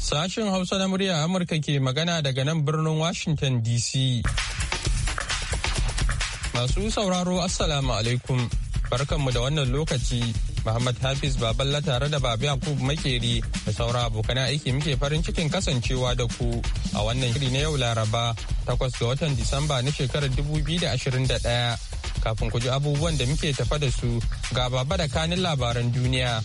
Sashen Hausa na murya Amurka ke magana daga nan birnin Washington DC. Masu sauraro Assalamu alaikum. Barkanmu da wannan lokaci, Muhammad Hafiz Baballa tare da Babi Yakub Makeri da saura abokan aiki muke farin cikin kasancewa da ku a wannan shiri na yau Laraba, takwas ga watan Disamba na shekarar 2021. Kafin ku ji abubuwan da muke tafa da su ga baba da kanin labaran duniya.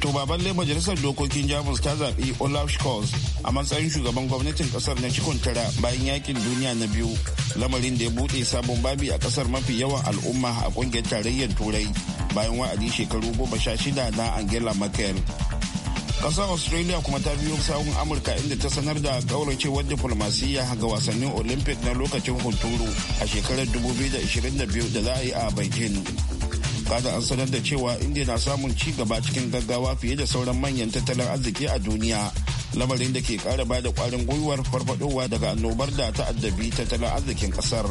To le majalisar dokokin Jamus ta zaɓi Olaf Scholz a matsayin shugaban gwamnatin ƙasar na cikon tara bayan yakin duniya na biyu lamarin da ya buɗe sabon babi a ƙasar mafi yawan al'umma a ƙungiyar tarayyar turai bayan wa'adi shekaru goma sha shida na Angela Merkel. Ƙasar Australia kuma ta biyo sawun Amurka inda ta sanar da ƙauracewar diplomasiya ga wasannin Olympic na lokacin hunturu a shekarar 2022 da za a yi a Beijing. kada an sanar da cewa indiya na samun ci gaba cikin gaggawa fiye da sauran manyan tattalin arziki a duniya lamarin da ke kara ba da kwarin gwiwar farfadowa daga annobar da ta'addabi tattalin arzikin kasar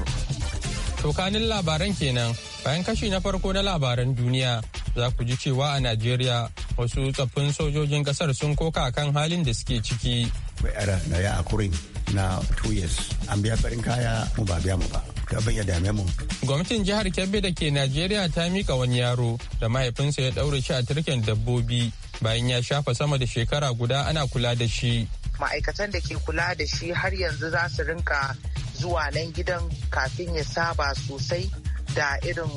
tokanin labaran kenan bayan kashi na farko na labaran duniya za ku ji cewa a najeriya wasu tsaffin sojojin kasar sun koka kan halin da suke ciki na ya na two years an biya farin kaya mu ba biya mu ba abin ya dame mu. Gwamnatin jihar Kebbi da ke Najeriya ta mika wani yaro da mahaifinsa ya ɗaure shi a turken dabbobi bayan ya shafa sama da shekara guda ana kula da shi. Ma'aikatan da ke kula da shi har yanzu za su rinka zuwa nan gidan kafin ya saba sosai da irin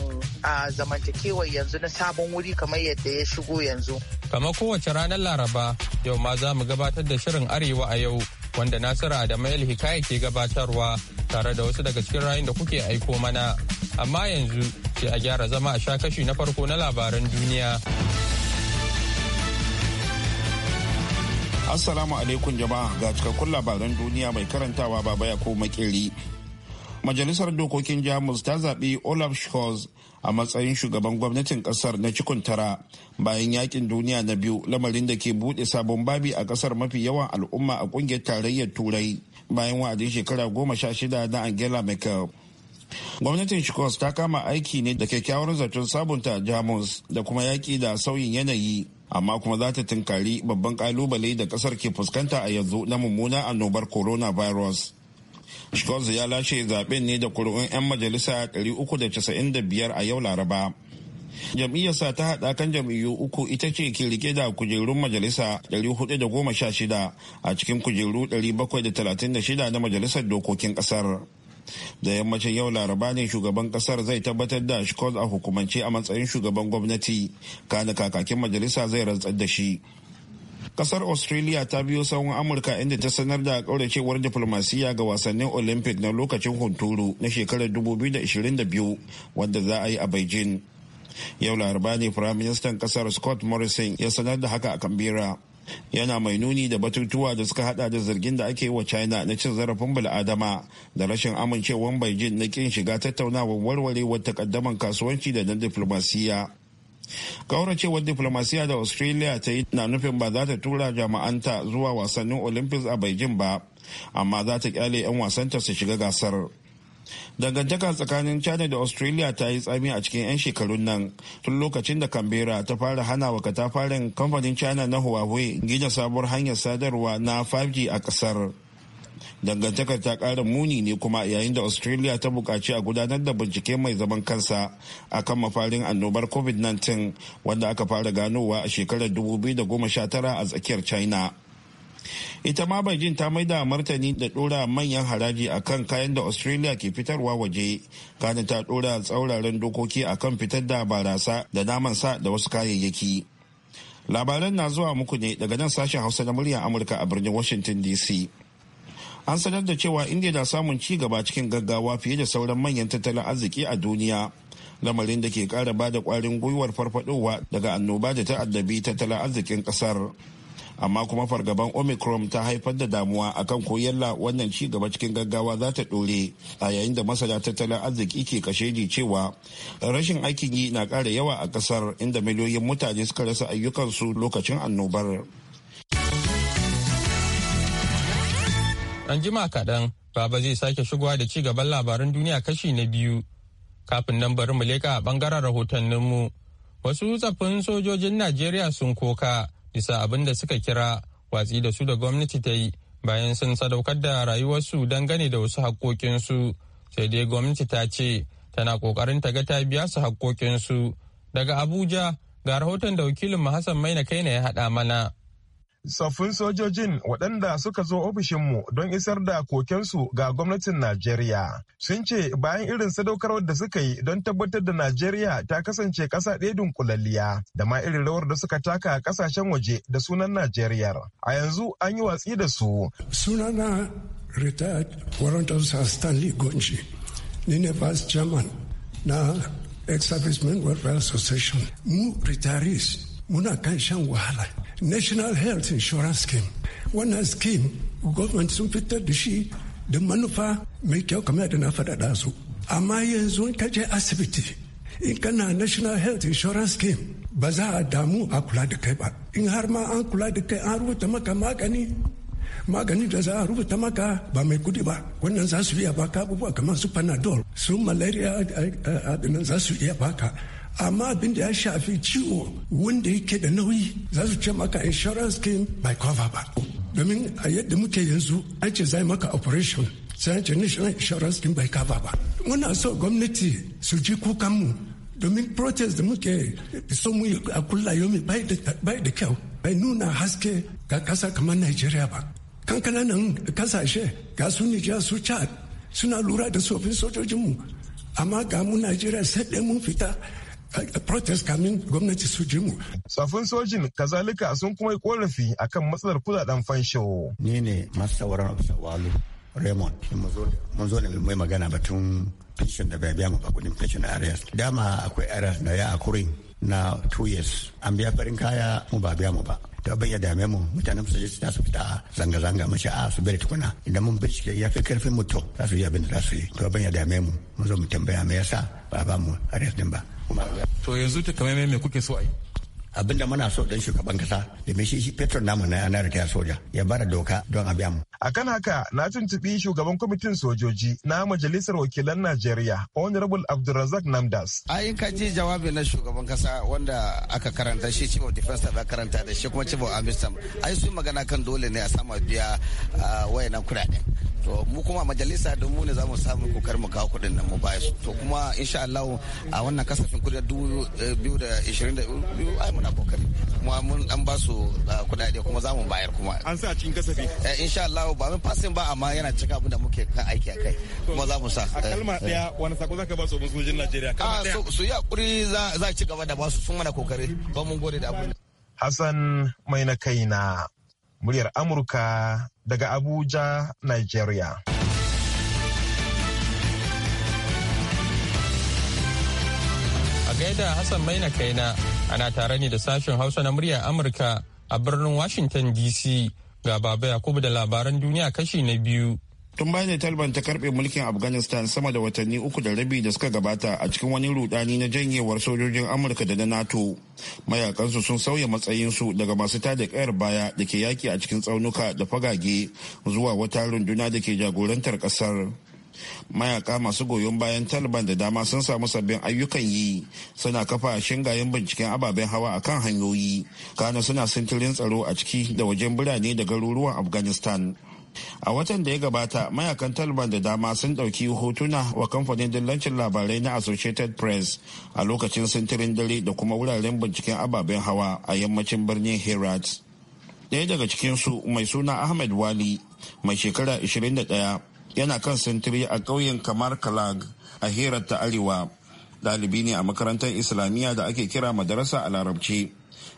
zamantakewar yanzu na sabon wuri kamar yadda ya shigo yanzu. Kama kowace ranar Laraba, yau ma za mu gabatar da shirin Arewa a yau, wanda Nasiru Adamu hikaya ke gabatarwa tare da wasu daga cikin rayun da kuke aiko mana amma yanzu sai a gyara zama a sha kashi na farko na labaran duniya assalamu alaikum jama'a ga cikakkun labaran duniya mai karantawa ba ya ko makiri majalisar dokokin jamus ta zaɓi olaf scholz a matsayin shugaban gwamnatin ƙasar na cikin tara bayan yakin duniya na biyu lamarin da ke buɗe sabon babi a ƙasar mafi yawan al'umma a ƙungiyar tarayyar turai bayan wa'adin shekara goma sha shida na angela merkel gwamnatin shikos ta kama aiki ne da kyakkyawar zaton sabunta jamus da kuma yaƙi da sauyin yanayi amma kuma za ta tunkari babban kalubale da kasar ke fuskanta a yanzu na mummuna annobar virus. shikos ya lashe zaben ne da kuri'un 'yan majalisa 395 a yau laraba jam'iyyarsa ta haɗa kan jam'iyyu uku ita ce ke rike da kujerun majalisa 416 a cikin kujeru 736 na majalisar dokokin ƙasar da yammacin yau laraba ne shugaban kasar zai tabbatar da shi a hukumance a matsayin shugaban gwamnati kana kakakin majalisa zai rantsar da shi kasar australia ta biyo sahun amurka inda ta sanar da kauracewar diflomasiyya ga wasannin olympic na lokacin hunturu na shekarar 2022 wanda za a yi a beijing yau laraba ne firaministan kasar scott morrison ya sanar da haka a kambira yana mai nuni da batutuwa da suka hada da zargin da ake yi wa china na cin zarafin bil'adama da rashin amincewar beijing na kin shiga tattaunawar warwarewar takaddaman kasuwanci da na diflomasiyya kauracewar diplomasiya da australia ta yi na nufin ba za ta tura jama'anta zuwa wasannin olympics a beijing ba amma za ta kyale 'yan wasanta su shiga gasar dangantaka tsakanin china da australia ta yi tsami a cikin 'yan shekarun nan tun lokacin da canberra ta fara hana wa katafaren kamfanin china na huawei gina sabuwar hanyar sadarwa na 5g a kasar dangantakar ta kara muni ne kuma yayin da australia ta bukaci a gudanar da bincike mai zaman kansa akan mafarin annobar covid-19 wanda aka fara ganowa a shekarar 2019 a tsakiyar china ita ma beijing ta maida martani da dora manyan haraji a kan kayan da australia ke fitarwa waje kanin ta dora tsauraran dokoki a kan fitar da barasa da naman sa da wasu kayayyaki labaran na zuwa muku ne daga nan sashen hausa na muryar amurka a birnin washington dc an sanar da cewa india na samun ci gaba cikin gaggawa fiye da sauran manyan tattalin arziki a duniya lamarin da ke kara bada kwarin gwiwar farfadowa daga annoba da ta addabi tattalin arzikin kasar amma kuma fargaban omicron ta haifar da damuwa akan kan koyalla wannan ci gaba cikin gaggawa za ta dore a yayin da masana tattalin arziki ke kashedi cewa rashin aikin yi na kara yawa a ƙasar inda miliyoyin mutane suka rasa ayyukansu lokacin annobar an jima kaɗan baba zai sake shigowa da cigaban gaban labaran duniya kashi na biyu kafin nan bari mu leƙa a ɓangaren rahotanninmu wasu tsaffin sojojin najeriya sun koka bisa abin da suka kira watsi da su da gwamnati ta yi bayan sun sadaukar da rayuwarsu dangane da wasu haƙoƙinsu sai dai gwamnati ta ce tana ƙoƙarin ta ga ta biya su haƙoƙinsu daga abuja ga rahoton da wakilin hassan maina kaina ya haɗa mana Tsoffin sojojin waɗanda suka zo ofishinmu don isar da kokensu ga gwamnatin Najeriya sun ce bayan irin sadaukarwar da suka yi don tabbatar da Najeriya ta kasance ƙasa ɗaya dunkulalliya da ma irin rawar da suka taka a ƙasashen waje da sunan Najeriya. A yanzu an yi watsi da su. Sunana retired warrant officer Stanley Gonji, ni ne chairman na ex-servicemen welfare association. Mu retirees muna kan shan wahala national health insurance scheme wannan scheme government sun fitar da shi da manufa mai kyau kamar yadda na faɗaɗa su amma yanzu ka je asibiti in kana national health insurance scheme ba za a damu a kula da kai ba in har ma an kula da kai an rubuta maka magani magani da za a rubuta maka ba mai kudi ba wannan za su iya baka abubuwa kamar su panadol su malaria eh, eh, eh, adinan za su iya baka amma abin da ya shafi ciwo wanda yake da nauyi za su ce maka insurance scheme by cover ba domin a yadda muke yanzu an ce zai maka operation sai ce national insurance scheme bai cover ba muna so gwamnati su ji kukan mu domin protest da muke so mu a kulla yomi bai da kyau bai nuna haske ga kasa kamar Najeriya ba kankana nan kasashe ga su Nijar su Chad suna lura da sofin sojojinmu amma ga mu Najeriya sai mun fita protest kamin gwamnati su ji mu. Safin sojin kazalika sun kuma yi korafi kan matsalar kudaden fansho. Ni ne masu Sawalu Walu Raymond mun zo ne mai magana batun pension da bai biya mu kudin pension areas. Dama akwai areas da ya akurin na two years an biya farin kaya mu ba biya mu ba. ta bai dame mu mutanen su ta su fita zanga-zanga mace a ah, su bari tukuna idan mun bincike ya fi karfin mutum za su yi abin da za su yi ta bai ya dame mu mun zo mu tambaya me yasa ba ba mu arias din ba to yanzu ta kamar me kuke so a yi abinda muna so dan shugaban kasa da shi petrol namu na yanar da soja ya bara doka don a biya mu akan haka na tuntuɓi shugaban kwamitin sojoji na majalisar wakilan najeriya honorable abdulrazak namdas yi ka ji jawabi na shugaban kasa wanda aka karanta shi chief of defense ya karanta da shi kuma chief of army staff ai sun magana kan dole ne a sama biya na kudaden to mu kuma majalisa don mu ne za mu samu kokar mu kawo kudin nan mu ba su to kuma insha Allah a wannan kasafin kudi 2022 eh, ai muna kokari kuma mun dan ba su ah, kudade kuma za mu bayar kuma an sa cikin kasafi eh, insha Allah ba mun fasin ba amma yana cikin abin da muke kan aiki a kai kuma za mu sa a eh, kalma daya eh. wani sako zaka ba su mun sojin Najeriya kalma daya ah, su yi hakuri za za ci gaba da ba su sun mana kokari ba mun gode da abin Hassan mai na kaina muryar Amurka daga Abuja Nigeria gaida Hassan Maina kaina Ana tare ne da sashen Hausa na murya Amurka a birnin Washington DC ga Baba Yakubu da labaran duniya kashi na biyu. Tun bayan da Taliban ta karbe mulkin Afghanistan sama da watanni uku da rabi da suka gabata a cikin wani rudani na janyewar sojojin Amurka da na NATO. Mayakansu sun sauya matsayinsu daga masu tada kayar baya da ke yaki a cikin tsaunuka da fagage zuwa wata runduna da ke jagorantar kasar. mayaka masu goyon bayan taliban da dama sun samu sabbin ayyukan yi suna kafa shingayen binciken ababen hawa a kan hanyoyi kana suna sintirin tsaro a ciki da wajen birane da garuruwan afghanistan a watan da ya gabata mayakan taliban da dama sun ɗauki hotuna wa kamfanin dillancin labarai na associated press a lokacin sintirin dare da kuma wuraren binciken ababen hawa a yammacin birnin herat ɗaya daga cikinsu mai suna ahmed wali mai shekara 21 yana kan sintiri a ƙauyen kamar kalag a herar ta arewa ɗalibi ne a makarantar islamiyya da ake kira madarasa a larabci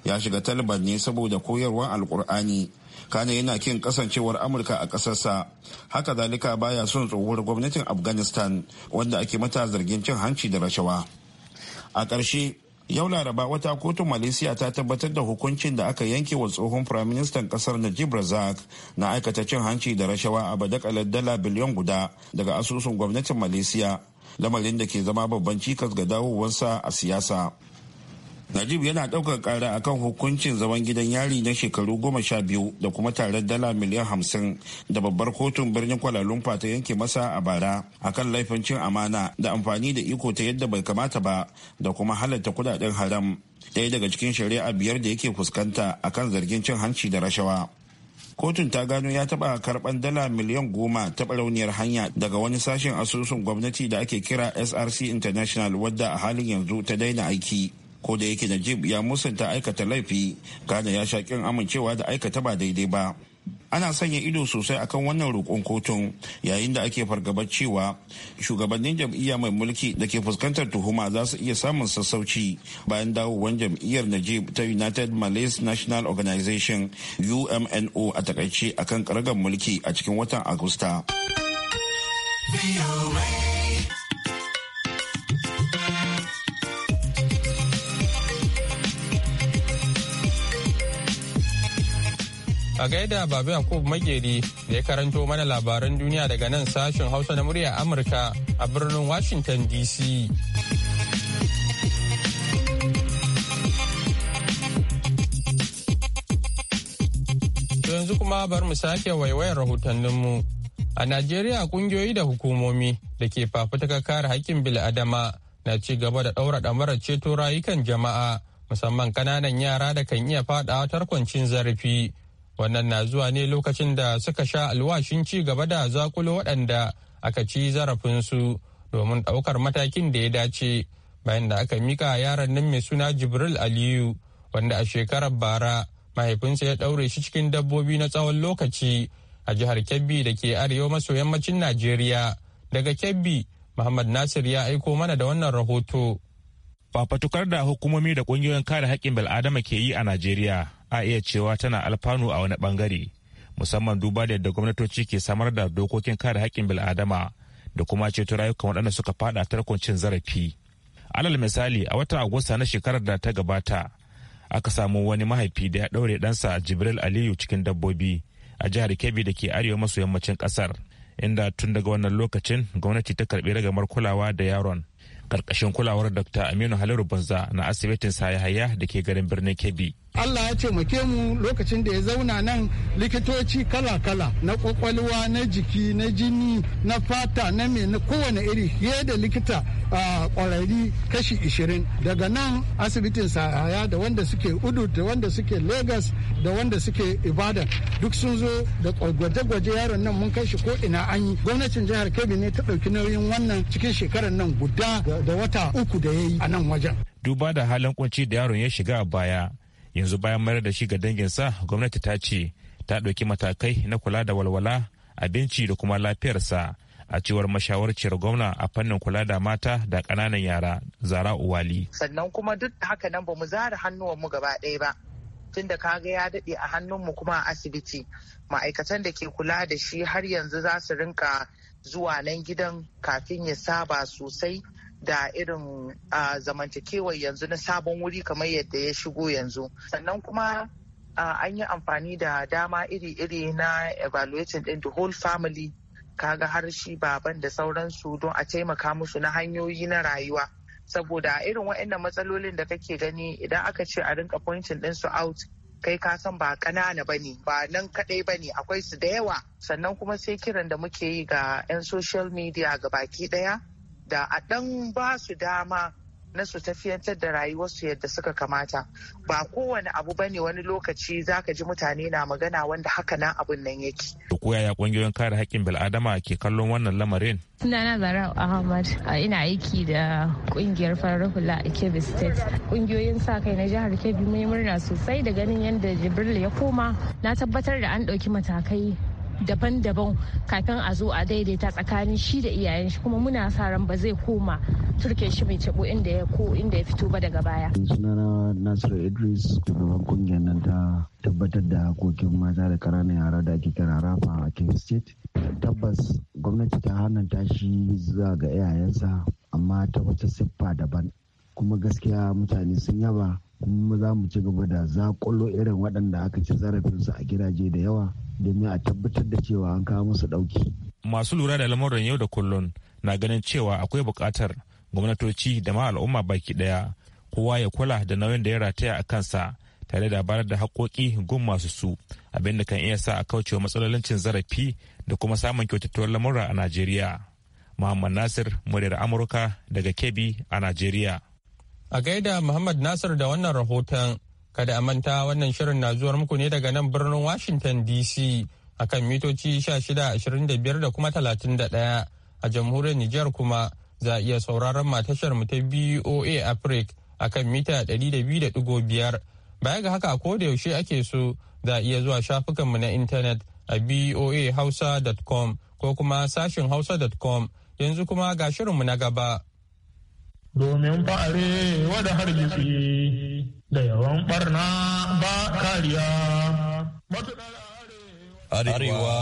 ya shiga taliban ne saboda koyarwar alkur'ani kana yana kin kasancewar amurka a ƙasarsa haka zalika baya son tsohuwar gwamnatin afghanistan wanda ake mata zargin cin hanci da rashawa a ƙarshe yau laraba wata kotun malaysia ta tabbatar da hukuncin da aka yanke wa tsohon firaministan kasar najib razak na aikata cin hanci da rashawa a badakalar dala biliyan guda daga asusun gwamnatin malaysia lamarin da ke zama babban cikas ga dawowarsa a siyasa najib yana ɗaukar ƙara akan hukuncin zaman gidan yari na shekaru goma sha biyu da kuma tare dala miliyan hamsin da babbar kotun birnin kwalalumpa ta yanke masa a bara akan laifin cin amana da amfani da iko ta yadda bai kamata ba da kuma halarta kudaden haram ɗaya daga cikin shari'a biyar da yake fuskanta akan zargin cin hanci da rashawa kotun ta gano ya taɓa karɓan dala miliyan goma ta barauniyar hanya daga wani sashen asusun gwamnati da ake kira src international wadda a halin yanzu ta daina aiki ko da yake najib ya musanta aikata laifi gana ya sha kin amincewa da aikata ba daidai ba ana sanya ido sosai akan wannan roƙon kotun yayin da ake fargabar cewa shugabannin jam'iyya mai mulki da ke fuskantar tuhuma za su iya samun sassauci bayan dawowar jam'iyyar najib ta united malays national organization umno a takaice akan karagar mulki a cikin watan agusta. A gaida Babu Yakub Mageri da ya karanto mana labaran duniya daga nan sashen Hausa na murya Amurka a birnin Washington DC. Yanzu kuma bar mu sake waiwayar rahotanninmu. A Najeriya kungiyoyi da hukumomi da ke fafutuka kare haƙƙin bil'adama na ci gaba da ɗaura ɗamarar ceto rayukan jama'a musamman ƙananan yara da kan iya faɗawa tarkoncin zarafi. Wannan na zuwa ne lokacin da suka sha alwashin ci gaba da zakulo waɗanda aka ci zarafinsu domin ɗaukar matakin da ya dace bayan da aka mika yaron nan mai suna Jibril Aliyu wanda a shekarar bara mahaifinsa ya ɗaure shi cikin dabbobi na tsawon lokaci a jihar Kebbi da ke arewa maso yammacin Najeriya. Daga Kebbi, Muhammad Nasir ya aiko mana da wannan rahoto. Fafatukar da hukumomi da ƙungiyoyin kare haƙƙin bil'adama ke yi a Najeriya a iya cewa tana alfanu a wani bangare musamman duba da yadda gwamnatoci ke samar da dokokin kare haƙƙin bil'adama da kuma ceto rayukan waɗanda suka fada tarkon cin zarafi alal misali a watan agusta na shekarar da ta gabata aka samu wani mahaifi da ya ɗaure ɗansa jibril aliyu cikin dabbobi a jihar kebbi da ke arewa maso yammacin ƙasar inda tun daga wannan lokacin gwamnati ta karɓi ragamar kulawa da yaron karkashin kulawar dr aminu haliru banza na asibitin sayahaya da ke garin birnin kebbi Allah ya taimake mu lokacin da ya zauna nan likitoci kala-kala na kwakwalwa na jiki na jini na fata na me kowane iri fiye da likita a kwararri kashi 20 daga nan asibitin sahaya da wanda suke udu da wanda suke lagos da wanda suke ibadan duk sun zo da gwaje-gwaje yaron nan mun kai shi ko ina an yi gwamnatin jihar kebbi ne ta ɗauki nauyin wannan cikin shekarar nan guda da wata uku da ya yi a nan wajen duba da halin kunci da yaron ya shiga a baya yanzu bayan mayar da shi ga danginsa gwamnati ta ce ta ɗauki matakai na kula da walwala abinci da kuma lafiyarsa a cewar mashawarciyar gwamna a fannin kula da mata da ƙananan yara zara uwali sannan kuma duk haka nan ba mu zara mu gaba ɗaya ba tun da kaga ya daɗe a hannun mu kuma a asibiti ma'aikatan da ke kula da shi har yanzu za su rinka zuwa nan gidan kafin ya saba sosai da irin zamantakewar yanzu na sabon wuri kamar yadda ya shigo yanzu sannan kuma an yi amfani da dama iri-iri na evaluating din the whole family kaga har shi baban da sauransu don a taimaka musu na hanyoyi na rayuwa saboda a irin waɗannan matsalolin da kake gani idan aka ce a rinka pointing din su out kai ka san ba ƙanana ba ne ba nan kaɗai ba ne akwai su da yawa sannan kuma sai kiran da muke yi ga 'yan social media ga baki ɗaya da a ɗan ba su dama na su tafiyantar da rayuwarsu yadda suka kamata ba kowane abu ba ne wani lokaci za ji mutane na magana wanda haka nan abun nan yake. ko yaya kungiyoyin kare haƙƙin bil'adama ke kallon wannan lamarin. sunana zara ahmad ina aiki da kungiyar farar hula a kebbi state kungiyoyin sa kai na jihar kebbi mun murna sosai da ganin yadda jibril ya koma na tabbatar da an ɗauki matakai daban-daban kafin a zo a daidaita tsakanin shi da iyayen shi kuma muna sa ran ba zai koma turke shi mai cebu inda ya ko inda ya fito ba daga baya. sunana nasiru idris shugaban kungiyar nan ta tabbatar da hakokin mata da ƙananan yara da ake kira rafa a kebbi state tabbas gwamnati ta ta shi zuwa ga iyayensa amma ta wata siffa daban kuma gaskiya mutane sun yaba kuma za mu ci gaba da zaƙulo irin waɗanda aka ci zarafinsu a gidaje da yawa domin a tabbatar da cewa an kawo musu ɗauki. Masu lura da lamuran yau da kullun na ganin cewa akwai bukatar gwamnatoci da ma al'umma baki daya kowa ya kula da nauyin da ya rataya a kansa tare da bayar da haƙoƙi gun masu su abin da kan iya sa a kaucewa matsalolin cin zarafi da kuma samun kyautattuwar lamura a Najeriya. Muhammad Nasir, muryar Amurka daga Kebbi a Najeriya. A gaida Muhammad Nasir da wannan rahoton Kada a manta wannan shirin na zuwar muku ne daga nan birnin Washington DC kan mitoci 1625 da kuma 31 a jamhuriyar Nijar kuma za a iya sauraron matashar mu ta BOA Africa a kan mita 200.5 baya ga haka ko da yaushe ake so za a iya zuwa shafukanmu na intanet a boahausa.com ko kuma sashin hausa.com yanzu kuma ga shirinmu na gaba. domin fa'are wada hargitsi da yawan barna ba kariya. Arewa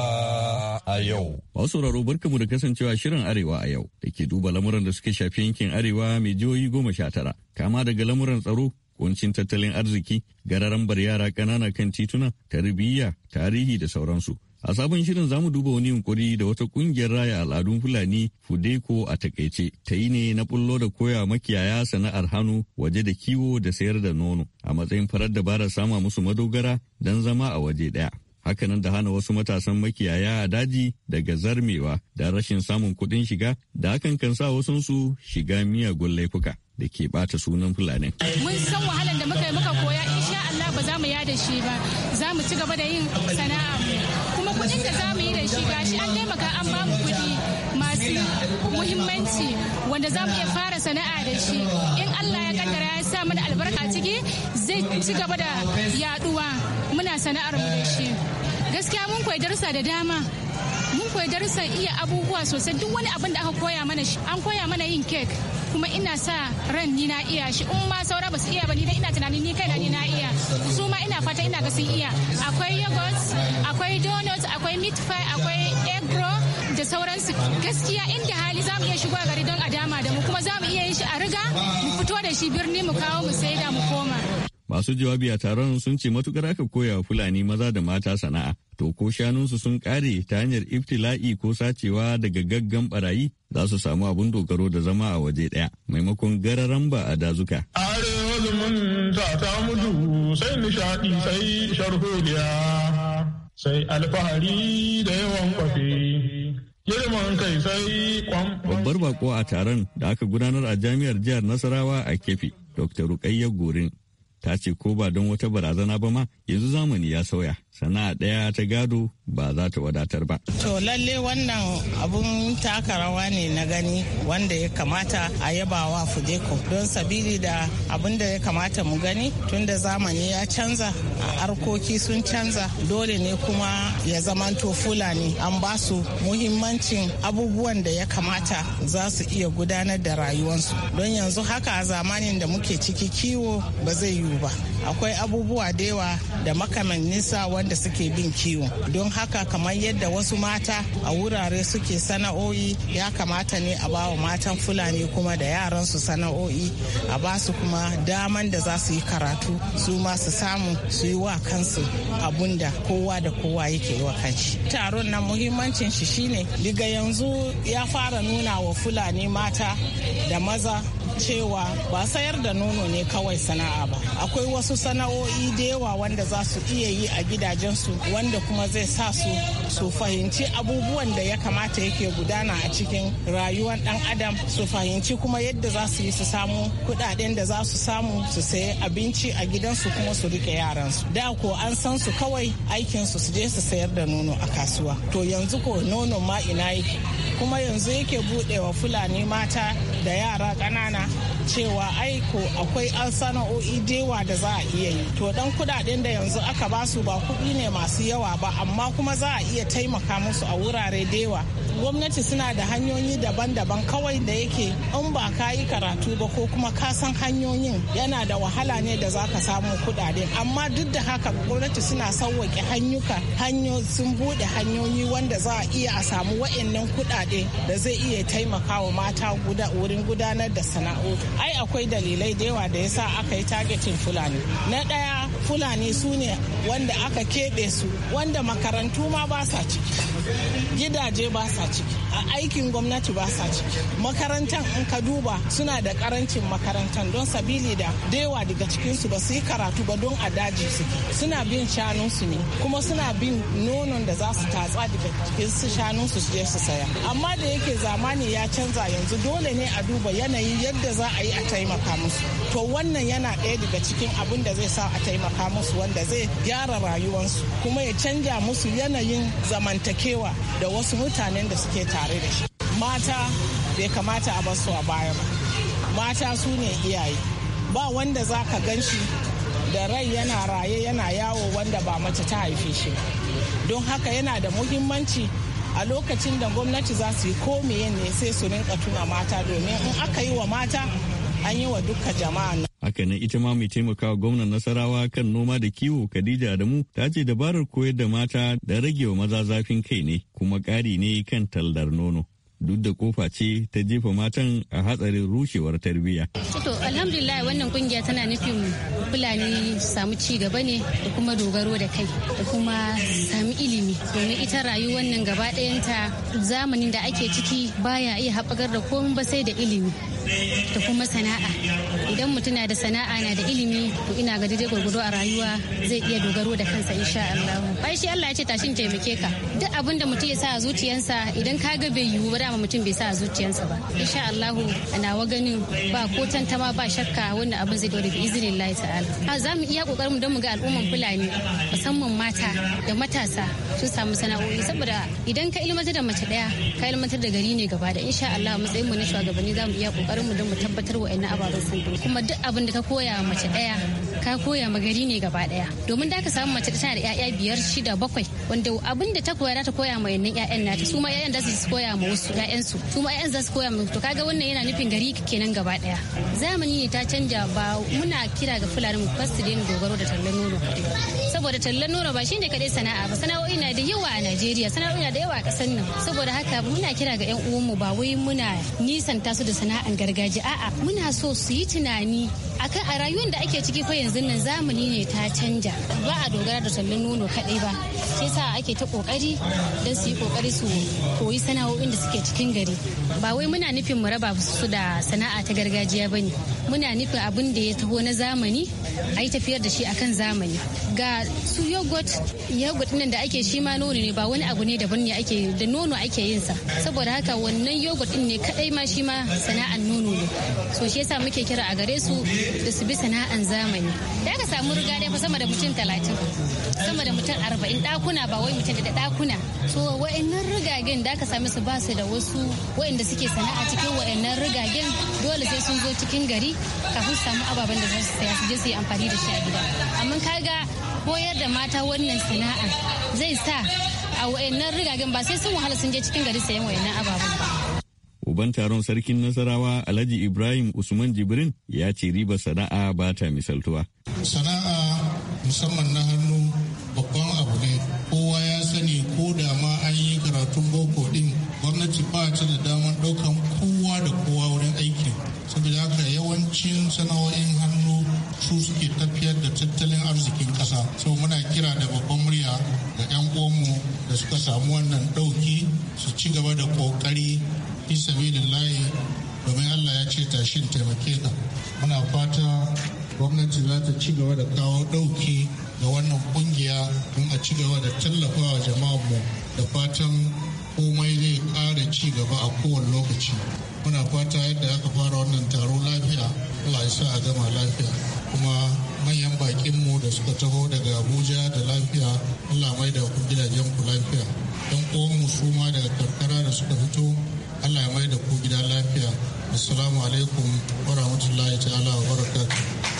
a yau. Masu sauraro barkamu da kasancewa shirin Arewa a yau da ke duba lamuran da suke shafi yankin Arewa mai jihohi goma sha tara. Kama daga lamuran tsaro, kuncin tattalin arziki, gararan bar yara ƙanana kan tituna, tarbiyya, tarihi da sauransu. A sabon shirin zamu duba wani yunkuri da wata kungiyar raya al'adun Fulani Fudeko a takaice ta yi ne na bullo da koya makiyaya sana'ar hannu waje da kiwo da sayar da nono a matsayin farar dabarar sama musu madogara don zama a waje ɗaya. Hakanan da hana wasu matasan makiyaya a daji daga zarmewa da rashin samun kuɗin shiga da hakan kan sa su shiga miyagun laifuka da ke ɓata sunan Fulani. Mun san wahalar da muka yi muka koya insha Allah ba za mu yada shi ba za mu ci gaba da yin sana'a kudin da za mu yi da shi gashi an taimaka an ba mu kuɗi masu muhimmanci wanda za mu iya fara sana'a da shi in Allah ya kaddara ya sa mana albarka ciki zai ci gaba da yaduwa muna sana'ar mu da shi. gaskiya mun koyi darussa da dama mun koyi darussan iya abubuwa sosai duk wani abin da aka koya mana shi an koya mana yin kek kuma ina sa ran ni na iya shi in ma saura ba iya ba ni ina tunani ni kai na ni na iya su ma ina fata ina ga sun iya akwai yogurt akwai donut akwai meat pie akwai egg roll da sauransu gaskiya inda hali zamu iya shigo a gari don a dama da mu kuma zamu iya yin shi a riga mu fito da shi birni mu kawo mu saida mu koma Masu jawabi a taron sun ce matukar aka koya wa Fulani maza da mata sana'a, to ko shanunsu sun kare ta hanyar iftila'i ko sacewa daga gaggan barayi za su samu abun dogaro da zama a waje ɗaya maimakon gararan ba a dazuka. Arewa mudu sai alfahari da yawan Babbar bako a taron da aka gudanar a jami'ar jihar Nasarawa a Kefi, Dr. Rukayya Gorin ta ce ko ba don wata barazana ba ma yanzu zamani ya sauya sana'a ɗaya ta gado ba za ta wadatar ba. To lalle wannan abun taka rawa ne na gani wanda ya kamata a yabawa Fudeko don sabili da abun da ya kamata mu gani tunda zamani ya canza a harkoki sun canza dole ne kuma ya zamanto Fulani an ba su muhimmancin abubuwan da ya kamata za su iya gudanar da rayuwarsu don yanzu haka a zamanin da muke ciki kiwo ba zai yiwu ba akwai abubuwa da da makamannin sawa wanda suke bin kiwo don haka kamar yadda wasu mata a wurare suke sana'o'i ya kamata ne a bawa matan fulani kuma da yaran su sana'o'i a ba su kuma daman da za su yi karatu su ma su samu su yi wa kansu abun da kowa da kowa yake yi wa kanshi taron nan muhimmancin shi shine daga yanzu ya fara nuna wa fulani mata da maza cewa ba sayar da nono ne kawai sana'a ba akwai wasu sana'o'i da yawa wanda za su iya yi a gidajensu wanda kuma zai sa su su fahimci abubuwan da ya kamata yake gudana a cikin rayuwar dan adam su fahimci kuma yadda za su yi su samu kudaden da za su samu su sayi abinci a gidansu kuma su rike yaransu da ko an san su kawai aikinsu su je su sayar da nono a kasuwa to yanzu ko nono ma ina yake kuma yanzu yake budewa fulani mata da yara ƙanana Gracias. cewa aiko akwai an sana'o'i dewa da za a iya yi to dan kudaden da yanzu aka ba su ba kuɗi ne masu yawa ba amma kuma za a iya taimaka musu a wurare dewa gwamnati suna da hanyoyi daban-daban kawai da yake in ba ka yi karatu ba ko kuma ka san hanyoyin yana da wahala ne da za ka samu kudaden amma duk da haka gwamnati suna sauwaƙe hanyuka hanyo sun buɗe hanyoyi wanda za a iya a samu wa'annan kudade da zai iya taimakawa mata wurin gudanar da sana'o'i ai akwai dalilai da yawa da ya sa aka yi targetin fulani na ɗaya fulani su ne wanda aka keɓe su wanda makarantu ma ba sa ciki gidaje ba sa ciki a aikin gwamnati ba sa ciki makarantan in ka duba suna da karancin makarantan don sabili da dewa daga cikinsu ba su yi karatu ba don a daji suke suna bin shanunsu ne kuma suna bin nonon da za su tatsa daga cikinsu shanunsu su je su saya amma da yake zamani ya canza yanzu dole ne a duba yanayin yadda za a yi a taimaka musu to wannan yana ɗaya daga cikin abin da zai sa a taimaka musu wanda zai gyara rayuwarsu kuma ya canja musu yanayin zamantake zamantakewa da wasu mutanen da suke tare da shi mata bai kamata a basu a baya ba mata su ne iyaye ba wanda za ka gan shi da rai yana raye yana yawo wanda ba mace ta haife shi don haka yana da muhimmanci a lokacin da gwamnati za su yi ko ne sai su rinka tuna mata domin in aka yi wa mata an yi wa duka jama'a haka nan ita ma mai taimakawa gwamnan nasarawa kan noma da kiwo khadija adamu ta ce dabarar koyar da mata da rage wa maza zafin kai ne kuma ƙari ne kan tallar nono duk da kofa ce ta jefa matan a hatsarin rushewar tarbiyya. to alhamdulillah wannan kungiya tana nufin fulani samu ci gaba ne da kuma dogaro da kai da kuma samu ilimi domin ita rayuwar nan gaba ɗayanta zamanin da ake ciki baya iya haɓakar da komai ba sai da ilimi da kuma sana'a idan mutum na da sana'a na da ilimi to ina ga daidai gwargwado a rayuwa zai iya dogaro da kansa insha Allah bai shi Allah ya ce tashin taimake ka duk abin da mutum ya sa a zuciyarsa idan ka ga bai yiwu ba dama mutum bai sa a zuciyarsa ba insha Allah ana wa ganin ba ko tantama ba shakka wannan abin zai dore da izinin Allah ta'ala matsala a za mu iya kokarin don mu ga al'umman fulani musamman mata da matasa sun samu sana'o'i saboda idan ka ilmantar da mace daya ka ilmantar da gari ne gaba da insha Allah matsayin mu na shugabanni za mu iya kokarin mu don mu tabbatar wa ina ababen sun kuma duk abin da ka koya wa mace daya ka koya ma gari ne gaba daya domin da ka samu mace tana da yaya biyar shida bakwai wanda abin da ta koya za ta koya ma yannan yayan nata su ma yayan za su koya ma wasu yayan su su ma yayan za su koya ma to kaga wannan yana nufin gari kenan gaba daya zamani ne ta canja ba muna kira ga fulani yaran mu su daina dogaro da tallan nono kaɗai saboda tallan nono ba shine kadai sana'a ba sana'o'i na da yawa a Najeriya sana'o'i na da yawa a ƙasar nan saboda haka muna kira ga 'yan uwanmu ba wai muna nisan su da sana'an gargajiya a'a muna so su yi tunani akan a rayuwar da ake ciki fa yanzu nan zamani ne ta canja ba a dogara da tallan nono kaɗai ba sai sa ake ta kokari don su yi kokari su koyi sana'o'in da suke cikin gari ba wai muna nufin mu raba su da sana'a ta gargajiya ba ne muna nufin abin da ya taho na zamani a yi tafiyar da shi akan zamani ga su yogurt yogurt nan da ake shi ma nono ne ba wani abu ne daban ne ake da nono ake yin sa saboda haka wannan yogurt din ne kadai ma shi ma sana'an nono ne so shi yasa muke kira a gare su da su bi sana'an zamani da ka samu riga dai fa sama da mutum talatin sama da mutum arba'in dakuna ba wai mutum da dakuna so wa'annan rigagen da ka sami su ba su da wasu wa'anda suke sana'a cikin waɗannan rigagen dole sai sun zo cikin gari kafin samu ababen da za su saya su je su yi amfani da shi a gida amma kaga koyar da mata wannan sana'a zai sa a waɗannan rigagen ba sai sun wahala sun je cikin gari sayan waɗannan ababen ba uban taron sarkin nasarawa alhaji ibrahim usman jibrin ya ce riba sana'a ba ta misaltuwa sana'a musamman na hannu babban abu ne kowa ya sani ko da ma an yi karatun boko yawancin sana'o'in hannu su suke tafiyar da tattalin arzikin ƙasa so muna kira da babban murya ga 'yan uwanmu da suka samu wannan ɗauki su ci gaba da ƙoƙari fi sabilillahi domin allah ya ce tashin taimake ka muna fata gwamnati za ta ci gaba da kawo ɗauki ga wannan kungiya don a ci gaba da tallafawa jama'a mu da fatan komai zai ƙara ci gaba a kowane lokaci muna fata yadda aka fara wannan taro lafiya Allah ya sa a gama lafiya kuma manyan bakinmu da suka taho daga abuja da lafiya Allah mai da ku gidajen ku lafiya don mu su ma daga karkara da suka fito Allah ya mai da ku gida lafiya assalamu alaikum wa rahmatullahi ta'ala wa barakatuh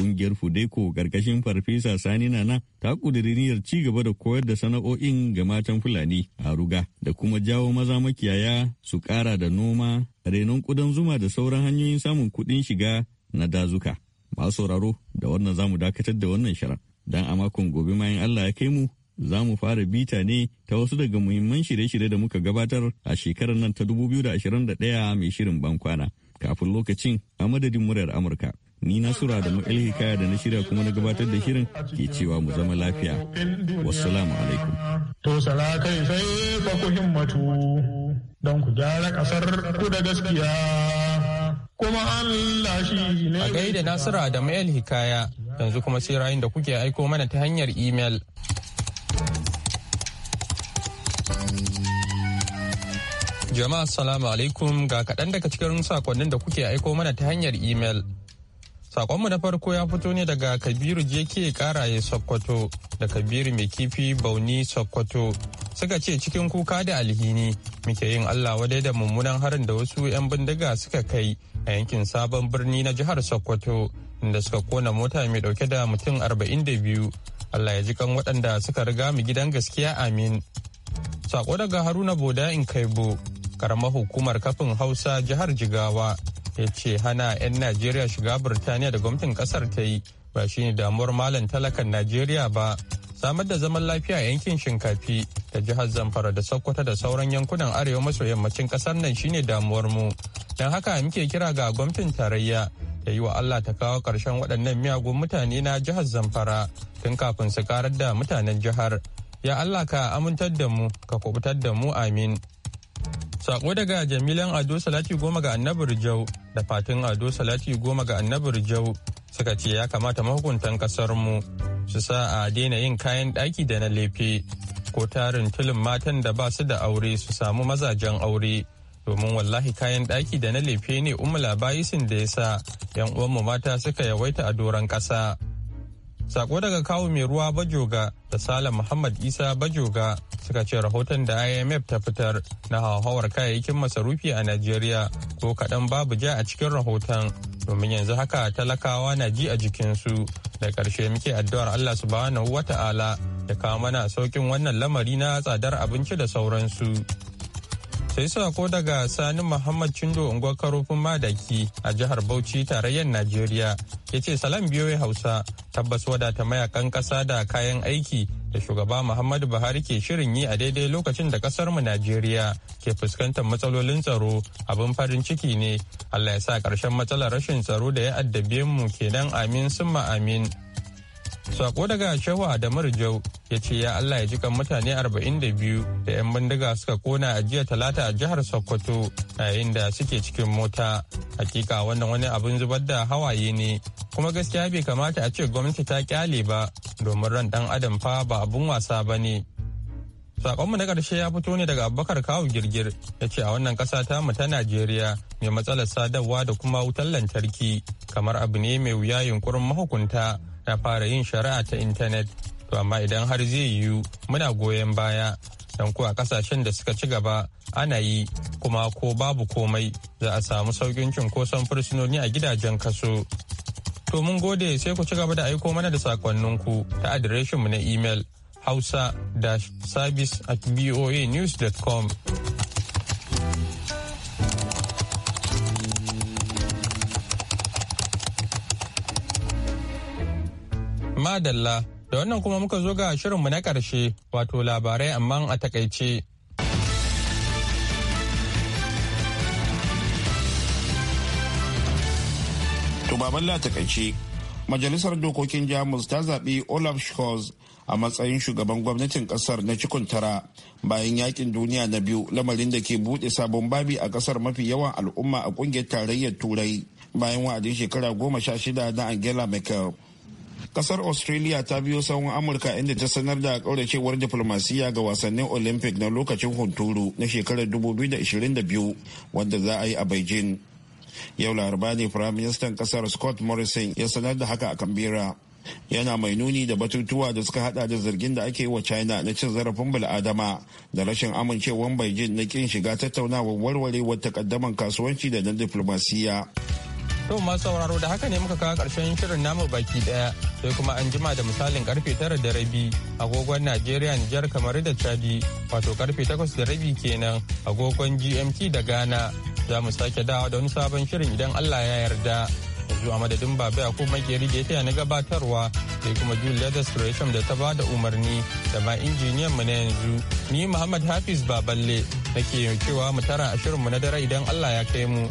Kungiyar Fudeko karkashin Farfesa Sani Nana ta ƙudiri niyyar ci gaba da koyar da sana'o'in ga matan Fulani a Ruga da kuma jawo maza makiyaya su ƙara da noma, renon kudan zuma da sauran hanyoyin samun kuɗin shiga na dazuka. Masu sauraro da wannan zamu dakatar da wannan shirin. Dan a makon gobe mayan Allah ya kai mu za mu fara bita ne ta wasu daga muhimman shirye-shirye da muka gabatar a shekarar nan ta 2021 mai shirin ban kwana Kafin lokacin a madadin muryar Amurka. Ni Nasura da Maƙali kaya da na shirya kuma na gabatar da shirin ke cewa mu zama lafiya. Wassalamu alaikum. To salakai sai fa ku himmatu don ku gyara kasar ku da gaskiya. Kuma Allah shi ne. A gaida Nasura da mail Hikaya yanzu kuma sai rayun da kuke aiko mana ta hanyar imel. Jama'a salamu alaikum ga kaɗan daga cikin sakonnin da kuke aiko mana ta hanyar imel. Sakonmu na farko ya fito ne daga Kabiru JK Karaye Sokoto da Kabiru Mai Kifi Bauni Sokoto. Suka ce cikin kuka da alhini muke yin Allah wadai da mummunan harin da wasu 'yan bindiga suka kai a yankin sabon birni na jihar Sokoto inda suka kona mota mai dauke da mutum 42. Allah ya ji kan waɗanda suka riga mu gidan gaskiya amin. Sako daga Haruna Boda in Kaibo, karamar hukumar kafin Hausa jihar Jigawa ya ce hana 'yan najeriya shiga birtaniya da gwamnatin kasar ta yi ba shine damuwar malam talakan najeriya ba samar da zaman lafiya a yankin shinkafi da jihar zamfara da sokoto da sauran yankunan arewa maso yammacin kasar nan shine damuwar mu don haka muke kira ga gwamnatin tarayya da yi wa allah ta kawo karshen waɗannan miyagun mutane na jihar zamfara tun kafin su karar da mutanen jihar ya allah ka amintar da mu ka kubutar da mu amin Sako daga Jamilan Ado Salati Goma ga annabar Jau da Fatin Ado Salati Goma ga Annabir Jau suka ce ya kamata mahukuntan mu su sa a daina yin kayan ɗaki da na lefe ko tarin tulin matan da ba su da aure su samu mazajen aure domin wallahi kayan ɗaki da na lefe ne umula bayisin da ya sa 'yan uwanmu mata suka yawaita a doron ƙasa. Sako daga kawo mai ruwa Bajoga da Sala Muhammad Isa Bajoga suka ce rahoton da imf ta fitar na hauhawar kayayyakin masarufi a najeriya ko kaɗan babu ja a cikin rahoton domin yanzu haka talakawa na ji a jikinsu da ƙarshe muke addu'ar allah subhanahu wata'ala da kawo mana saukin wannan lamari na tsadar abinci da sauransu. sai sako daga sani muhammad cindo unguwar karofin madaki a jihar bauchi tarayyar najeriya ya ce salam biyoyi hausa tabbas wadata mayakan ƙasa da kayan aiki da shugaba muhammadu buhari ke shirin yi a daidai lokacin da ƙasarmu najeriya ke fuskantar matsalolin tsaro abin farin ciki ne allah ya sa ƙarshen matsalar rashin tsaro da ya addabe mu kenan amin summa amin Sako daga Shehu Adamar Jau ya ce ya Allah ya jikan mutane 42 da 'yan bindiga suka kona a jiya talata a jihar Sokoto yayin da suke cikin mota. Hakika wannan wani abin zubar da hawaye ne kuma gaskiya bai kamata a ce gwamnati ta kyale ba domin ran dan adam fa ba abin wasa ba ne. Sakonmu na ƙarshe ya fito ne daga Abubakar Kawu Girgir ya ce a wannan ƙasa ta mu ta Najeriya mai matsalar sadarwa da kuma wutar lantarki kamar abu ne mai wuya yunkurin mahukunta na fara yin shari'a ta intanet to amma idan har zai yiwu muna goyon baya don ko a kasashen da suka ci gaba ana yi kuma ko babu komai za a samu saukin cinkoson fursunoni a gidajen kaso to mun gode sai ku ci gaba da aiko mana da sakonninku ta mu na imel hausa-service at voanews.com Madalla, da wannan kuma muka zo ga shirinmu na ƙarshe wato labarai amma a takaice. Tubaballa takaice, Majalisar Dokokin Jamus ta zaɓi Olaf Scholz a matsayin shugaban gwamnatin ƙasar na cikun tara bayan yakin duniya na biyu lamarin da ke buɗe sabon babi a ƙasar mafi yawan al'umma a ƙungiyar tarayyar turai bayan wa'adin shekara goma sha shida na angela merkel kasar australia ta biyo sahun amurka inda ta sanar da kaurakewar diflomasiyya ga wasannin olympic na lokacin hunturu na shekarar 2022 wanda za a yi a beijing yau laraba ne prime minister kasar scott morrison ya sanar da haka a kambira yana mai nuni da batutuwa da suka hada da zargin da ake yi wa china na cin zarafin bil'adama da rashin amincewar beijing na kin shiga tattaunawar warwarewar kaddamar kasuwanci da na diflomasiyya To masu sauraro da haka ne muka kawo ƙarshen shirin namu baki ɗaya sai kuma an jima da misalin karfe tara da rabi agogon Najeriya Nijar kamar da Chadi wato karfe takwas da rabi kenan agogon GMT da Ghana za mu sake dawa da wani sabon shirin idan Allah ya yarda. Yanzu a madadin Baba ko Makeri da ya taya na gabatarwa sai kuma Julia da Sureshan da ta ba da umarni da ma injiniyan mu na yanzu ni Muhammad Hafiz Baballe nake cewa mu tara a shirinmu na dare idan Allah ya kai mu.